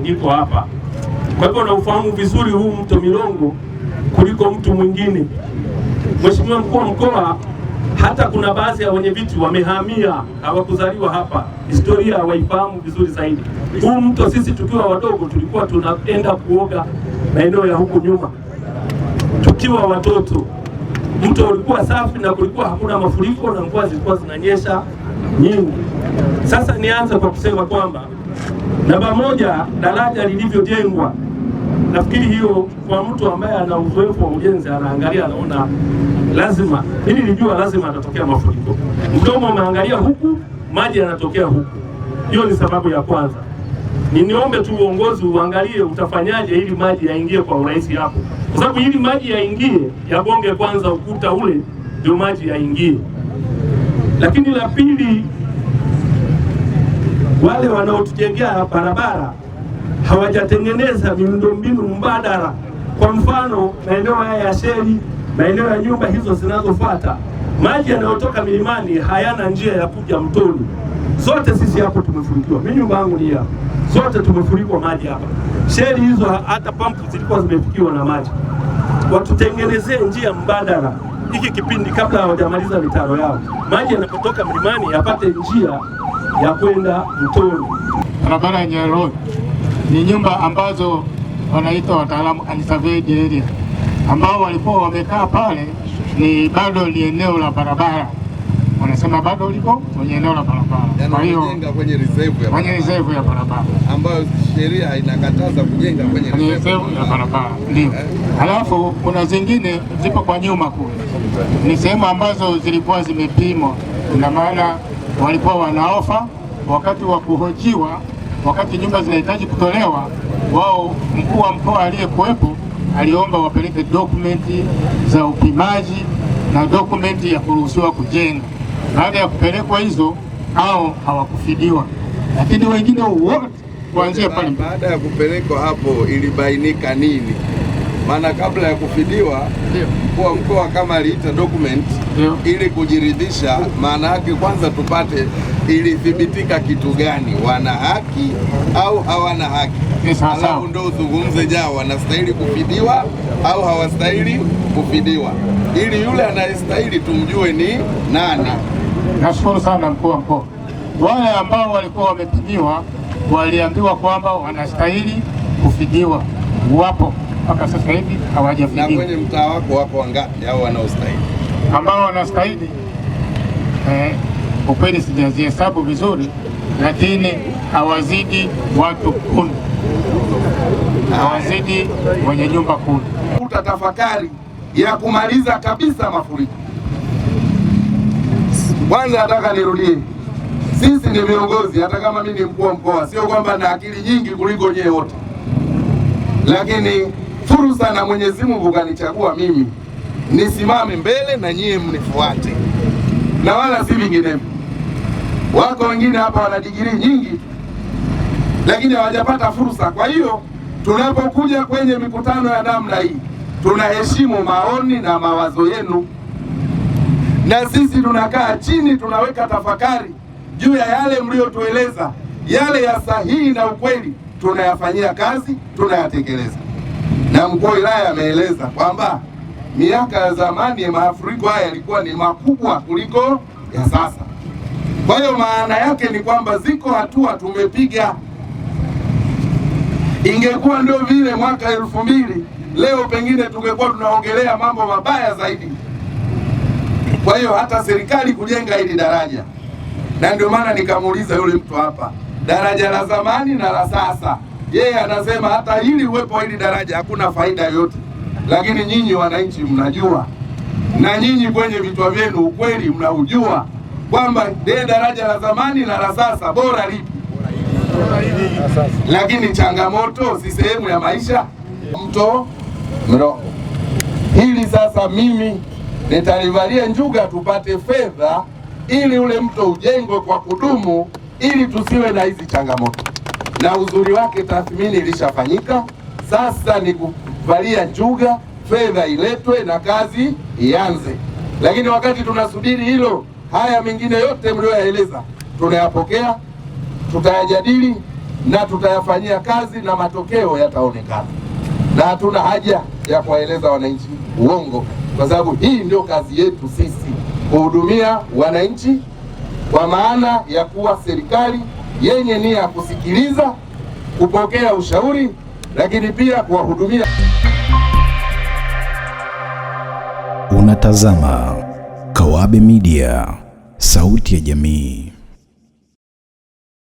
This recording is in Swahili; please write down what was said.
Ndipo hapa kwa hivyo naufahamu vizuri huu mto Milongo kuliko mtu mwingine. Mheshimiwa mkuu wa mkoa, hata kuna baadhi ya wenye viti wamehamia, hawakuzaliwa hapa, historia hawaifahamu vizuri zaidi. Huu mto sisi tukiwa wadogo tulikuwa tunaenda kuoga maeneo ya huku nyuma tukiwa watoto. Mto ulikuwa safi na kulikuwa hakuna mafuriko na mvua zilikuwa zinanyesha nyingi. Sasa nianze kwa kusema kwamba Namba moja, daraja lilivyojengwa. Nafikiri hiyo kwa mtu ambaye ana uzoefu wa ujenzi anaangalia, anaona lazima hili lijua, lazima atatokea mafuriko. Mdomo umeangalia huku, maji yanatokea huku. Hiyo ni sababu ya kwanza. Niniombe tu uongozi uangalie utafanyaje ili maji yaingie kwa urahisi hapo, kwa sababu ili maji yaingie yagonge kwanza ukuta ule, ndio maji yaingie. Lakini la pili wale wanaotujengea barabara hawajatengeneza miundombinu mbadala. Kwa mfano, maeneo haya ya sheli, maeneo ya nyumba hizo zinazofuata, maji yanayotoka milimani hayana njia ya kuja mtoni. Zote sisi hapo tumefurikiwa, mimi nyumba yangu ni hapa, zote tumefurikwa maji hapa. Sheli hizo hata pampu zilikuwa zimefikiwa na maji. Watutengenezee njia mbadala hiki kipindi, kabla hawajamaliza mitaro yao, maji yanapotoka mlimani yapate njia ya kwenda Mtoni. Barabara ya Nyayo Road ni nyumba ambazo wanaita wataalamu unsurveyed area, ambao walikuwa wamekaa pale, ni bado ni eneo la barabara, wanasema bado liko kwenye eneo la barabara, yaani kwa hiyo kwenye reserve ya barabara ambayo sheria inakataza kujenga kwenye reserve ya barabara ndio. Halafu eh? kuna zingine zipo kwa nyuma kule, ni sehemu ambazo zilikuwa zimepimwa, ina maana walikuwa wanaofa wakati wa kuhojiwa, wakati nyumba zinahitaji kutolewa, wao mkuu wa mkoa aliyekuwepo aliomba wapeleke dokumenti za upimaji na dokumenti ya kuruhusiwa kujenga. Baada ya kupelekwa hizo, hao hawakufidiwa, lakini wengine wote kuanzia pale. Baada ya kupelekwa hapo, ilibainika nini? maana kabla ya kufidiwa mkuu wa mkoa kama aliita document ili kujiridhisha, maana yake kwanza tupate ilithibitika kitu gani, wana haki au hawana haki, alafu ndo uzungumze jao wanastahili kufidiwa au hawastahili kufidiwa, ili yule anayestahili tumjue ni nani. Nashukuru sana mkuu wa mkoa. Wale ambao walikuwa wamepidiwa waliambiwa kwamba wanastahili kufidiwa, wapo mpaka sasa hivi hawajafikia. Na kwenye mtaa wako wako wangapi au wanaostahili? Ambao wanastahili eh, ukweli sijazihesabu vizuri, lakini hawazidi watu kumi, hawazidi wenye nyumba kumi. tafakari ya kumaliza kabisa mafuriko. Kwanza nataka nirudie, sisi ni viongozi, hata kama mimi ni mkuu wa mkoa, sio kwamba na akili nyingi kuliko nyewe wote, lakini fursa na Mwenyezi Mungu kanichagua mimi nisimame mbele na nyie mnifuate, na wala si vinginevyo. Wako wengine hapa wana digrii nyingi, lakini hawajapata fursa. Kwa hiyo tunapokuja kwenye mikutano ya namna hii, tunaheshimu maoni na mawazo yenu, na sisi tunakaa chini, tunaweka tafakari juu ya yale mliyotueleza, yale ya sahihi na ukweli tunayafanyia kazi, tunayatekeleza na mkuu wa wilaya ameeleza kwamba miaka ya zamani ya mafuriko haya yalikuwa ni makubwa kuliko ya sasa. Kwa hiyo maana yake ni kwamba ziko hatua tumepiga. Ingekuwa ndio vile mwaka elfu mbili leo, pengine tungekuwa tunaongelea mambo mabaya zaidi. Kwa hiyo hata serikali kujenga hili daraja, na ndio maana nikamuuliza yule mtu hapa, daraja la zamani na la sasa yeye yeah, anasema hata hili uwepo hili daraja hakuna faida yoyote, lakini nyinyi wananchi mnajua na nyinyi kwenye vichwa vyenu ukweli mnaujua kwamba de daraja la zamani na la sasa bora lipi? Lakini changamoto si sehemu ya maisha. Mto Mrongo hili sasa, mimi nitalivalia njuga, tupate fedha ili ule mto ujengwe kwa kudumu, ili tusiwe na hizi changamoto na uzuri wake tathmini ilishafanyika. Sasa ni kuvalia njuga, fedha iletwe na kazi ianze. Lakini wakati tunasubiri hilo, haya mengine yote mlioyaeleza tunayapokea, tutayajadili na tutayafanyia kazi na matokeo yataonekana, na hatuna haja ya kuwaeleza wananchi uongo, kwa sababu hii ndio kazi yetu sisi, kuhudumia wananchi kwa maana ya kuwa serikali yenye nia ya kusikiliza, kupokea ushauri, lakini pia kuwahudumia. Unatazama Kawabe Media, sauti ya jamii.